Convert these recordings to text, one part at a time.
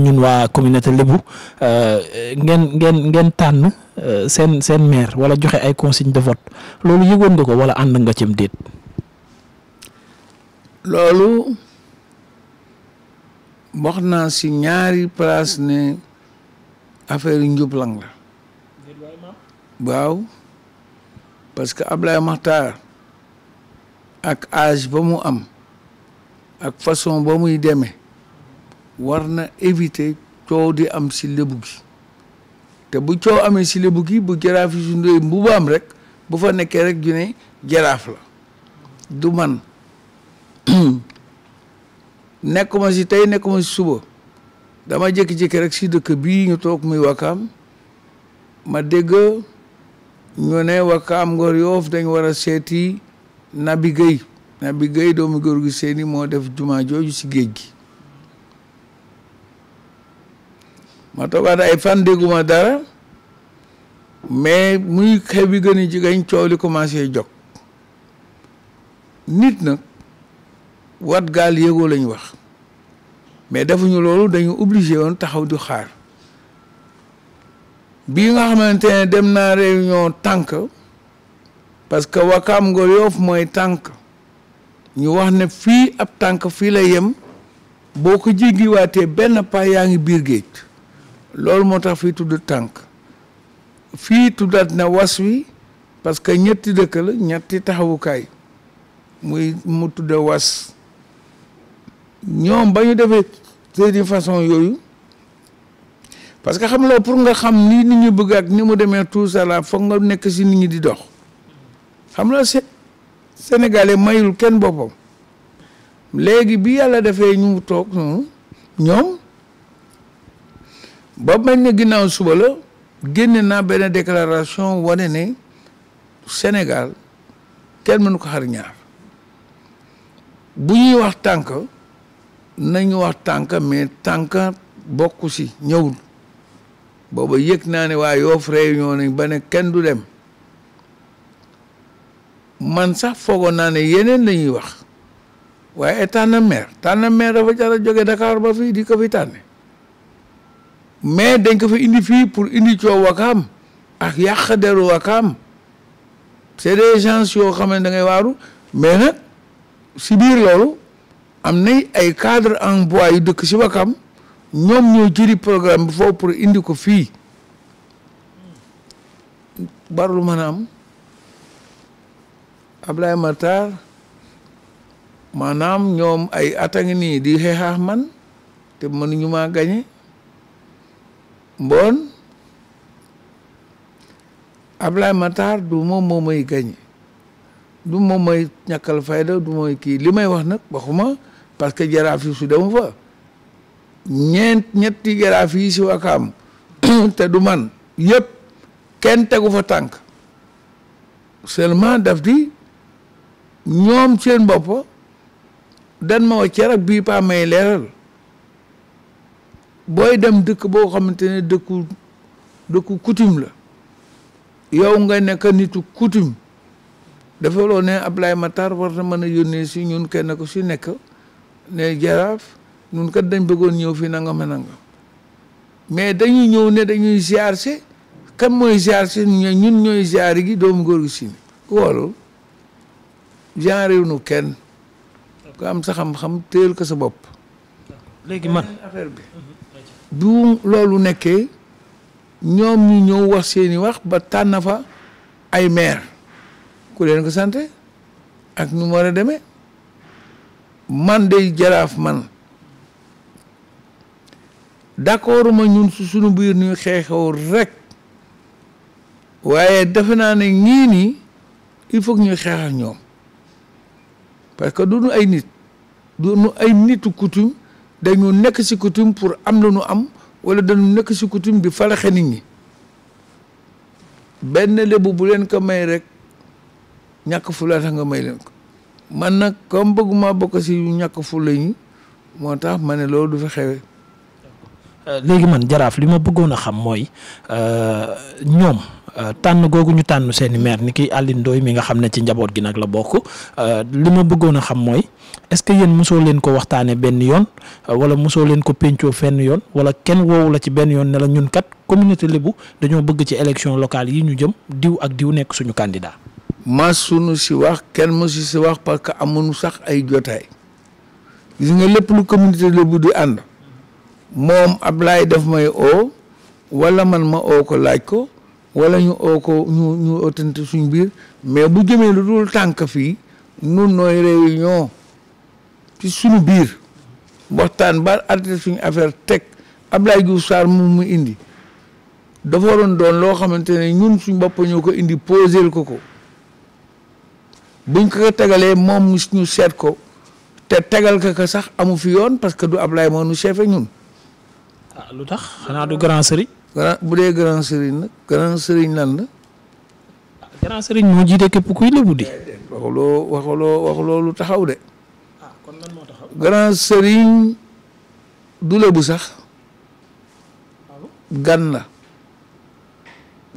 ñun waa communauté lébu euh, ngeen ngeen tànn euh, seen seen maire wala joxe ay consigne de vote loolu yëgoon nga ko wala ànd nga cim déet. loolu wax naa si ñaari place ne affaire njublang la waaw parce que Ablaye Makhtar ak âge ba mu am ak façon ba muy deme war na éviter coow di am si lebugi te bu coow amee si lébu gi bu jaraaf yi su ndoy rek bu fa nekkee rek ju ne jaraaf la du man nekkuma si tey nekkuma si suba dama jékki-jékki rek si dëkk bii ñu toog muy wakaam ma dégg ñu ne wakaam Ngor Yoof dañ war a seeti Nabi Guèye Nabi Guèye doomu góor gi seeni moo def jumaa jooju si géej gi ma toogaat ay fan dégguma dara mais muy xew bi gën a jigéen coow li commencé jóg nit nag wat gaal yëgoo lañ wax mais defuñu loolu dañu obligé woon taxaw du xaar bii nga xamante ne dem naa ñoo tànk parce que Wakaam nga Yoff mooy tànk ñu wax ne fii ab tànk fii la yem boo ko jéggiwaatee benn pas yaa ngi biir géej loolu moo tax fii tudd tànk fii tuddaat na was wi parce que ñetti dëkk la ñetti taxawukaay muy mu tudde was ñoom ba ñu defee seeni façon yooyu parce que xam loo pour nga xam ni nit ñu bëgg ak ni mu demee tout ça là foog nga nekk si nit ñu di dox xam la sénégalais mayul kenn boppam léegi bi yàlla defee ñu toog ñoom ba mañ ne ginnaaw suba la génne naa benn déclaration wane ne Sénégal kenn mënu ko xar ñaar bu ñuy wax tànk nañu wax tànk mais tànk bokku si ñëwul booba yëg naa ne waa Yoff réunion nañ ba ne kenn du dem man sax foogoon naa ne yeneen la ñuy wax waaye tànn maire tànn maire dafa jar a jóge Dakar ba fii di ko fi tànne mais dañ ko fa indi fii pour indi coow wakaam ak yàq deru wakaam c'est des gens yoo xam ne da ngay waaru mais nag si biir loolu am nay ay cadre emploi yu dëkk si wakaam ñoom ñoo jëri programme bi foofu pour indi ko fii barlu mën a am Ablaye Matar maanaam ñoom ay at nii di xeexaax man te mënuñu maa gañe mboon Ablaye Matar du moom moo may gañe du moom mooy ñàkkal fayda du mooy kii li may wax nag waxuma parce que jaraaf yi su demu fa ñeent ñetti jaraaf yi si wakaam te du man yëpp kenn tegu fa tànk seulement daf di ñoom seen bopp dan ma waccer ak bii paa may leeral booy dem dëkk boo xamante ne dëkku dëkku coutume la yow nga nekk nitu coutume dafa loo ne Ablaye Matar war na mën a yónnee si ñun kenn ko si nekk ne jaraaf ñun kat dañ bëggoon ñëw fi nangam a nangam mais dañuy ñëw ne dañuy ziar si kan mooy ziar si ñun ñooy ziar gi doomu góor gi si mi woolu genre nu kenn ku am sa xam-xam téel ko sa bopp léegi man affaire bi bu loolu nekkee ñoom ñu ñëw wax seeni wax ba tànn fa ay maire ku leen ko sant ak nu mu war a demee man day jaraaf man d'accord ma ñun su sunu biir ñuy xeexoo rek waaye defe naa ne ñii nii il faut que ñuy xeex ñoom parce que duñu ay nit duñu ay nitu coutume dañu nekk si coutume pour am la nu am wala dañu nekk si coutume bi falaxe ni ñi benn lébu bu leen ko may rek ñàkk fula tax nga may leen man nag comme bëgguma bokk si ñàkk fula ñi moo tax ma ne loolu du fi euh, léegi man jaraaf li ma bëggoon a xam mooy euh, ñoom Euh, tànn googu ñu tànn seen maire ni ki Alioune Ndoye mi nga xam ne ci njaboot gi nag la bokk euh, li ma bëggoon a xam mooy est-ce que yéen mosoo leen ko waxtaane benn yoon euh, wala mosoo leen ko péncoo fenn yoon wala kenn woowu la ci benn yoon ne la ñun kat communauté Lébu dañoo bëgg ci élection locale yi ñu jëm diw ak diw nekk suñu candidat. ma sunu si wax kenn mosu si wax parce que amuñu sax ay jotaay nga lépp lu communauté Lébu di ànd moom Ablaye daf man ma oo ko laaj ko. wala ñu oo ko ñu ñu ootante suñ biir mais bu jëmee lu dul tànk fii nun nooy réunion ci suñu biir waxtaan ba arrêté suñu affaire teg Abdoulaye Diouf Sarr moom mu indi dafa waroon doon loo xamante ne ñun suñu bopp ñoo ko indi posé ko ko buñ ko tegalee moom ñu seet ko te tegal ko ko sax amu fi yoon parce que du Abdoulaye moo nu chefé ñun. ah lu tax xanaa du grand sëriñ grand bu dee grand sëriñ nag grand sëriñ lan la. grand sëriñ moo jiite képp kuy lébu di. waxuloo waxuloo lu taxaw de. ah kon moo taxaw. grand sëriñ du lébu sax. gan la.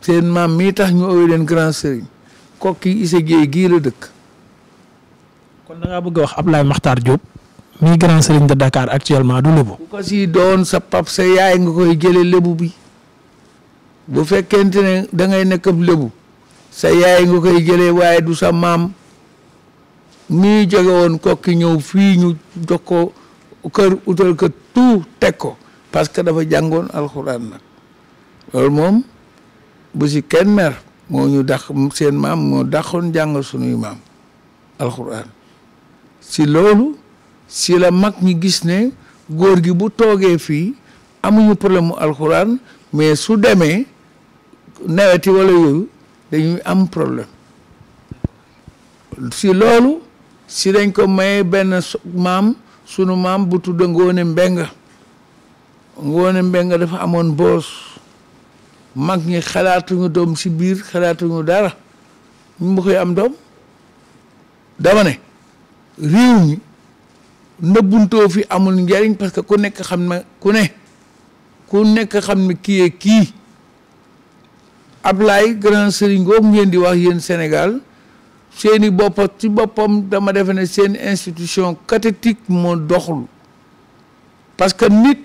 seen maam mii tax ñu oowee leen grand sëriñ kokki Issa Gueye gii la dëkk. kon da ngaa bëgg a wax Ablaye Makhtar Diop. mii grand sëriñ de Dakar actuellement du lébu. bu ko si doon sa pap sa yaay nga koy jëlee lébu bi. bu fekkente ne da ngay nekk ab sa yaay nga koy jële waaye du sa maam mu jóge woon kokki ñëw fii ñu jox ko kër utal ko tout teg ko parce que dafa jàngoon alxuraan nag loolu moom bu si kenn mer moo ñu dax seen maam moo daxoon jàng sunuy maam alxuraan si loolu si la mag ñi gis ne góor gi bu toogee fii amuñu problème mu alxuraan mais su demee nawet wala yooyu dañuy am problème si loolu si dañ ko maye benn maam sunu maam bu tudd Ngoone Mbengue Ngoone Mbengue dafa amoon boos mag ñi xalaatuñu doom si biir xalaatuñu dara ñu ma koy am doom dama ne réew mi ndëbbuntoo fi amul njariñ parce que ku nekk xam na ku ne ku nekk xam ne kii kii Ablaye grand sëriñ googu ngeen di wax yéen Sénégal seeni bopp ci boppam dama defane ne seen institution cathétique moo doxul parce que nit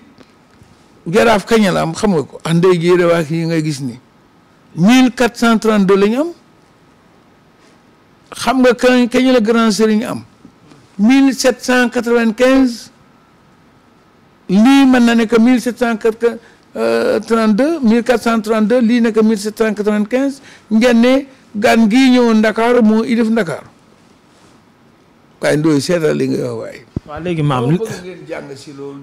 jaraaf kañ la am xam nga ko andee ah, gi wax yi nga gis ni mille quatre cent trente-deux la am xam nga kañ kañ la grand sëriñ am lii mën na nekk mille sept cent quatre euh, trente deux mille quatre cent trente deux lii nekk mille sept cent quatre quinze ngeen ne gan gi ñëwoon Ndakaaru moo ilif Ndakaaru waaye ndooy seetal li nga wax waaw léegi maam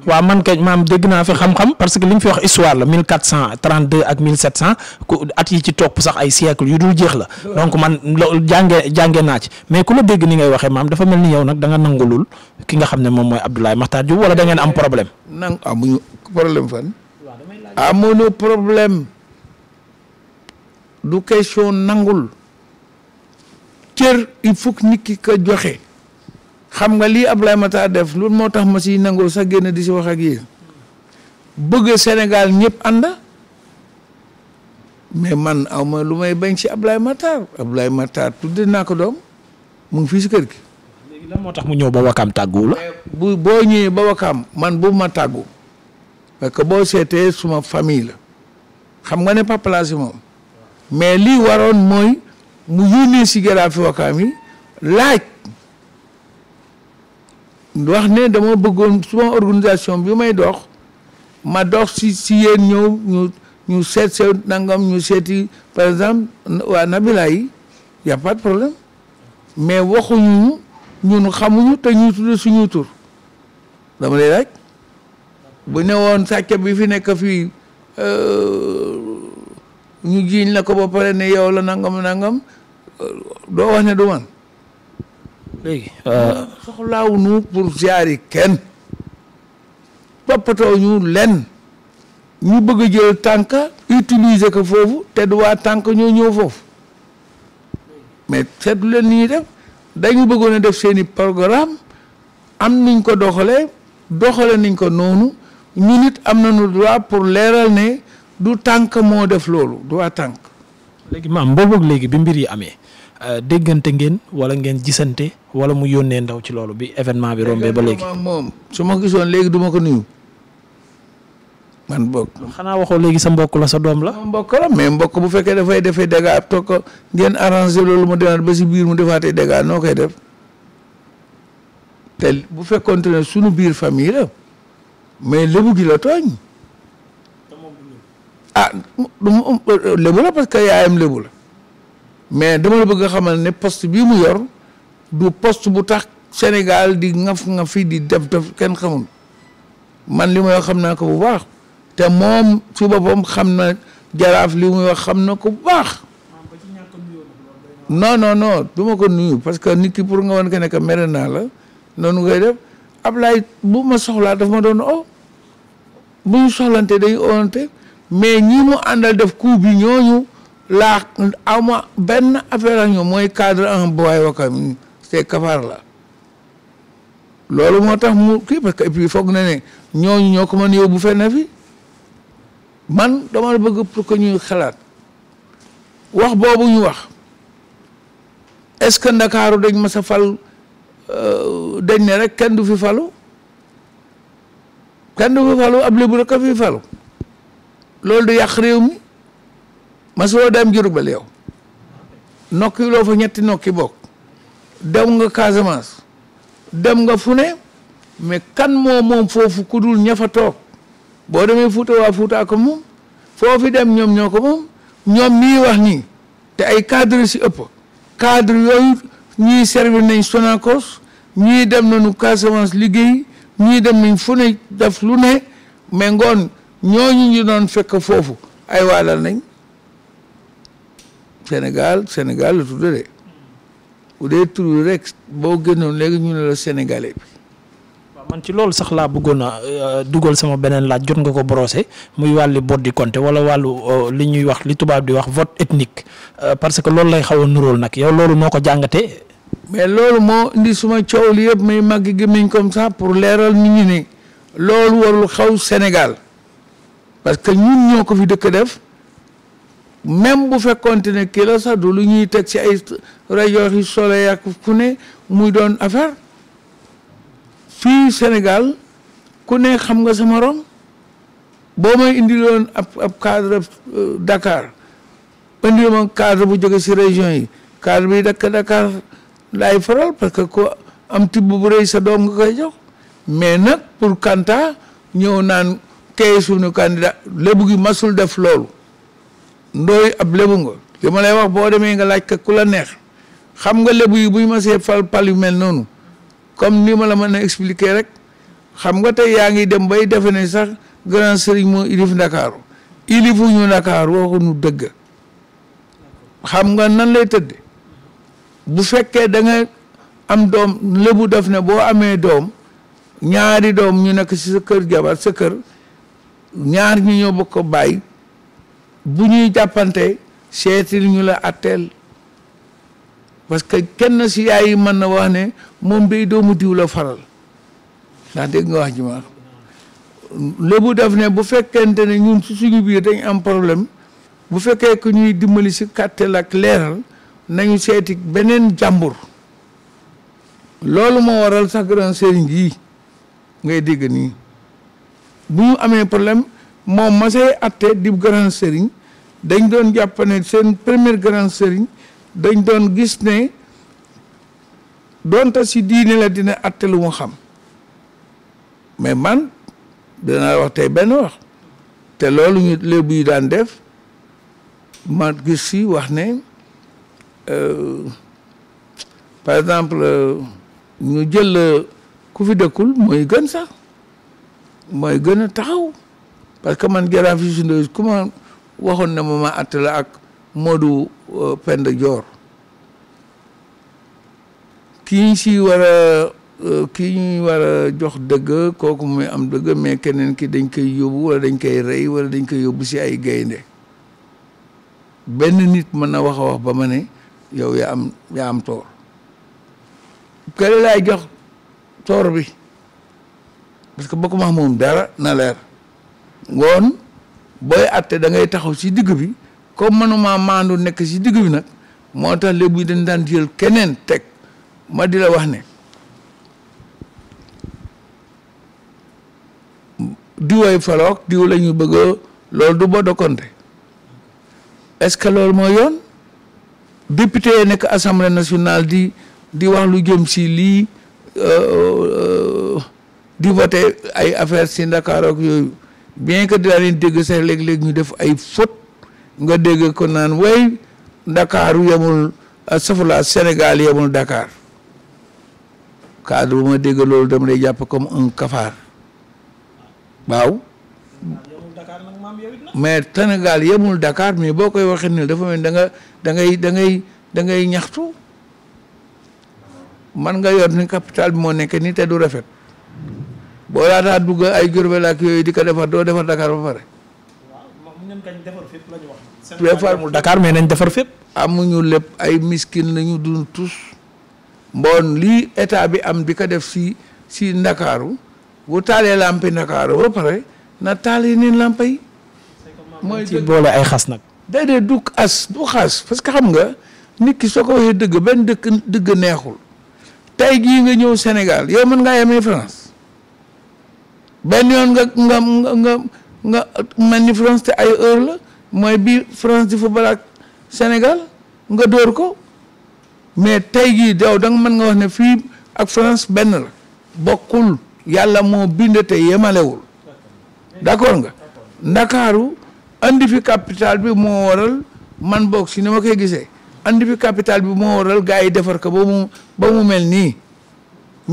waaw man kañ maam dégg naa fi xam-xam parce que li ñu fi wax histoire la 1432 ak 1700 ku at yi ci topp sax ay siècle yu dul jeex la donc man loolu jàngee jàngee naa ci mais ku la dégg ni ngay waxee maam dafa mel ni yow nag da nga nangulul ki nga xam ne moom mooy Abdoulaye Makhtar Diop wala da ngeen am problème. nang amuñu problème fan. du question nangul cër il faut nit ki ko joxe. xam nga lii Abdoulaye Makhtar def loolu moo tax ma si nangoo sax génn di si wax ak yéen bëgg Sénégal ñëpp ànd mais man aw ma lu may bañ si Abdoulaye Makhtar Abdoulaye Makhtar tudde naa ko doom mu ngi fii si kër gi. léegi lan moo tax mu ñëw ba wakaam tàggu la. bu boo ñëwee ba wakaam man bu ma tàggu parce que boo seetee suma famille la xam nga ne papa si moom mais lii waroon mooy mu yónnee si garaafu wakaam yi laaj. wax ne dama bëggoon suma organisation bi may dox ma dox si si yéen ñëw ñu ñu seet seet nangam ñu seeti par exemple waa Nabila yi y' a pas de problème mais waxuñu ñun xamuñu te ñu tudd suñu tur dama lay laaj bu ne woon sàcc bi fi nekk fii euh, ñu jiiñ la ko ba ne yow la nangam nangam euh, doo wax ne du man léegi. Euh, soxlaaw nu pour ziari kenn toppatoo ñu lenn ñu bëgg a jël tànk utiliser ko foofu te duwaa tànk ñoo ñëw foofu mais seetlu leen ni ñuy def dañu bëggoon a def seen i programme am niñ ko doxalee doxale nañ ko noonu ñu nit am nañu droit pour leeral ne du tànk moo def loolu duwaa tànk. léegi maam boo léegi bi mbir yi amee. Euh, déggante ngeen wala ngeen gisante wala mu yónnee ndaw ci loolu bi événement bi rombee ba léegi. moom su ma gisoon léegi du ma ko nuyu. man bokk xanaa waxoo léegi sa mbokk la sa doom la. mbokk la mais mbokk bu fekkee dafay defee dégâts toog ko ngeen arrangé loolu mu demaat ba si biir mu defaatee dégâts noo koy def te bu fekkonte ne sunu biir famille mais lébu gi la tooñ. ah euh, lébu la parce que yaayam lébu la. mais dama la bëgg a xamal ne post bii mu yor du post bu tax Sénégal di ngaf nga fi di def def kenn xamul man li may xam naa ko bu baax te moom su boppam xam na jaraaf li muy wax xam na ko bu baax. non non non duma ko nuyu parce que nit ki pour nga wan ko ne que naa la noonu ngay def Ablaye bu ma soxlaa daf ma doon o bu ñu soxlante day oonte mais ñi mu àndal def coup bi ñooñu. laa awma benn affaire ak ñoom mooy cadre un boy wakam c'est kafar la loolu moo tax mu kii parce que et puis foog na ne ñooñu ñoo ko bu yóbbu fenn fi man dama bëgg pour que ñuy xalaat wax boobu ñu wax est-ce que ndakaaru dañ ma sa fal euh, dañ ne rek kenn du fi falu kenn du fi falu ab lébu rek a fi falu loolu du yàq réew mi masuloo dem Jurbel yow nokki loo fa ñetti nokki bokk dem nga Casamance dem nga fu ne mais kan moo foofu ku dul ña toog boo demee Fuuta waa Fuuta ko moom foofi dem ñoom ñoo ko moom ñoom ñii wax nii te ay cadre si ëpp cadre yooyu ñii servir nañ Sonacos ñuy dem nañu Casamance liggéey ñii dem nañ fu ne def lu ne mais ngoon ñooñu ñu doon fekk foofu ay waalal nañ Sénégal Sénégal la tudd de bu dee tur rek boo génnoon léegi ñu ne la sénégalais bi. waaw man ci loolu sax laa bëggoon a euh, dugal sama beneen laaj jot nga ko brosser muy wàlli Boddi Konte wala wàllu euh, li ñuy wax li tubaab di wax vote ethnique euh, parce que loolu lay xaw nurool nag yow loolu noo ko jàngatee. mais loolu moo indi suma coow li yëpp may màgg gémmiñ comme ça pour leeral nit ñi ne loolu warul xaw Sénégal parce que ñun ñoo ko fi dëkk def. même bu fekkonte ne kii la sax du lu ñuy teg ci ay rajo yi soleil ak ku ne muy doon affaire fii Sénégal ku ne xam nga sama morom boo may indiloon ab ab cadre euh, Dakar indil ma cadre bu jóge si région yi cadre bi dakk Dakar laay faral parce que ku am tibb bu rëy sa doom nga koy jox mais nag pour Kanta ñëw naan kay suñu candidat lébu gi masul def loolu ndooy ab lébu nga li ma lay wax boo demee nga laaj ka ku la neex xam nga lébu yi bu ma see fal pal yu mel noonu comme ni ma la mën a expliquer rek xam nga tey yaa ngi dem bay defe ne sax grand sëriñ moo ilif ndakaaru ilifu ñu ndakaaru waxuñu dëgg xam nga nan lay tëdd bu fekkee da am doom lébu def ne boo amee doom ñaari doom ñu nekk ci sa kër jabar sa kër ñaar ñu ñoo bokk ko bàyyi bu ñuy jàppante seetil ñu la atteel parce que kenn si yaay yi mën na wax ne moom day doomu diw la faral ndax dégg nga wax ji ma lébu ne bu fekkente ne ñun su dañ am problème bu fekkee que ñuy dimbali si kàttel ak leeral nañu seeti beneen jàmbur loolu moo waral sax grand sëriñ yi ngay dégg nii bu ñu amee problème moom ma say atte di grand sëriñ dañ doon jàpp ne seen premier grand sëriñ dañ doon gis ne doonta si diine la dina atte lu mu xam mais man dinaa wax tey benn wax te loolu ñu lébu yi daan def ma gis si wax ne euh, par exemple euh, ñu jël euh, ku fi dëkkul mooy gën sax mooy gën a taxaw parce que man jaraaf Youssou Ndoye ku ma waxoon ne ma ma àtte la ak Modou euh, Penda Dior kii si war a euh, kii ñuy war a jox dëgg kooku am dëgg mais keneen ki dañ koy yóbbu wala dañ koy rey wala dañ koy yóbbu si ay gaynde benn nit mën na wax a wax ba ma ne yow yaa am yaa am toor kële jox toor bi parce que bokkuma moom dara na ngoon booy atte da ngay taxaw si digg bi comme manuma maandu nekk si digg bi nag moo tax léegi dañ daan jël keneen teg ma di la wax ne diwooy faloog diw la bëgg loolu du bodokonte est-ce que loolu mooy yoon député yi nekk assemblée nationale di di wax lu jëm si lii euh, euh, di voté ay affaire si Ndakaarook yooyu bien que dinaa leen dégg sax léeg-léeg ñu def ay faute nga dégg ko naan way Ndakaaru yemul ah, safula Sénégal yemul Dakar cadre bu ma dégg loolu dama lay jàpp comme un cafard waaw mais Sénégal yemul Dakar mais boo koy waxee nii dafa mel da danga da ngay da ñaxtu man nga yor ni capital bi moo nekk nii te du rafet boo laataa dugg ay Diourbel ak yooyu di ko defar doo defar Dakar ba pare. waaw Dakar mais nañ defar fépp. amuñu lépp ay miskin lañu dun tous mboon lii état bi am di ko def si si ndakaaru bu taalee lampi ndakaaru ba pare na taal yeneen lampa yi. mooy ci boole ay xas nag. déedéet du as du xas parce que xam nga nit ki soo ko waxee dëgg benn dëkk dëgg neexul tey jii nga ñëw Sénégal yow mën ngaa yemee France. benn yoon nga nga nga nga mel ni France te ay heure la mooy bii France di football ak Sénégal nga dóor ko mais tey gii daw da nga mën nga wax ne fii ak France benn la bokkul yàlla moo bind te yemalewul d'accord nga ndakaaru andi fi capital bi moo waral man boog si ni koy gisee andi fi capital bi moo waral gars yi defar ko ba mu mel nii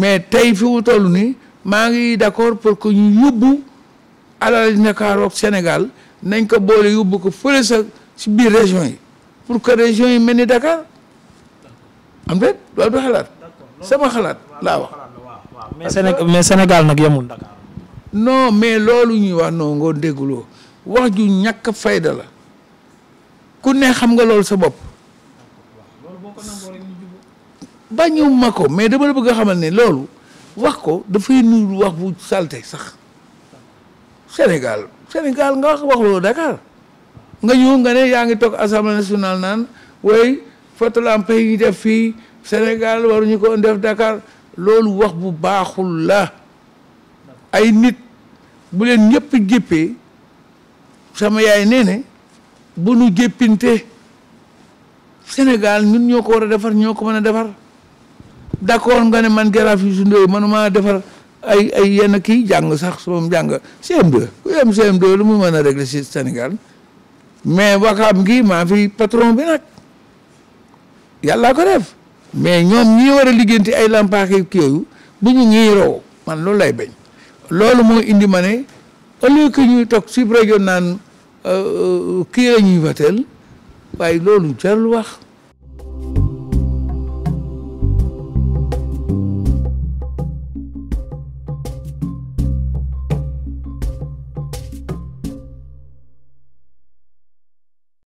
mais tey fi mu nii maa ngi d'accord pour que ñu yóbbu alal Ndakaaru ak Sénégal nañ ko boole yóbbu ko fële sa si biir région yi pour que région yi mel ni Dakar am déet loolu du xalaat sama xalaat laa wax. Sénégal nag yemul Dakar. mais loolu ñuy wax non ngoo dégguloo wax ju ñàkk fayda la ku ne xam nga loolu sa bopp. bañu ma ko mais dama la bëgg a xamal ne loolu. wax ko dafay nuyu wax bu salte sax Sénégal Sénégal nga wax waxloo Dakar nga ñëw nga ne yaa ngi toog assemblée nationale naan way fotolampe yi ñu def fii Sénégal waruñu ko def Dakar loolu wax bu baaxul la ay nit bu leen ñépp jéppee sama yaay nee ne bu nu jéppinte Sénégal ñun ñoo ko war a defar ñoo ko mën a defar d'accord nga ne man garaaf Youssou Ndoye maa defar ay ay yenn kii jàng sax su ma jàng CM2 ku yem CM2 lu mu mën a régler si Sénégal mais wakaam gi maa fi patron bi nag yàllaa ko def ñoom ñi war a ti ay lampaaki kii yooyu bu ñu ñiiroo man loolu lay bañ loolu moo indi ma ne au lieu que ñuy toog sub rajo naan euh, euh, kii la ñuy wateel waaye loolu jarul wax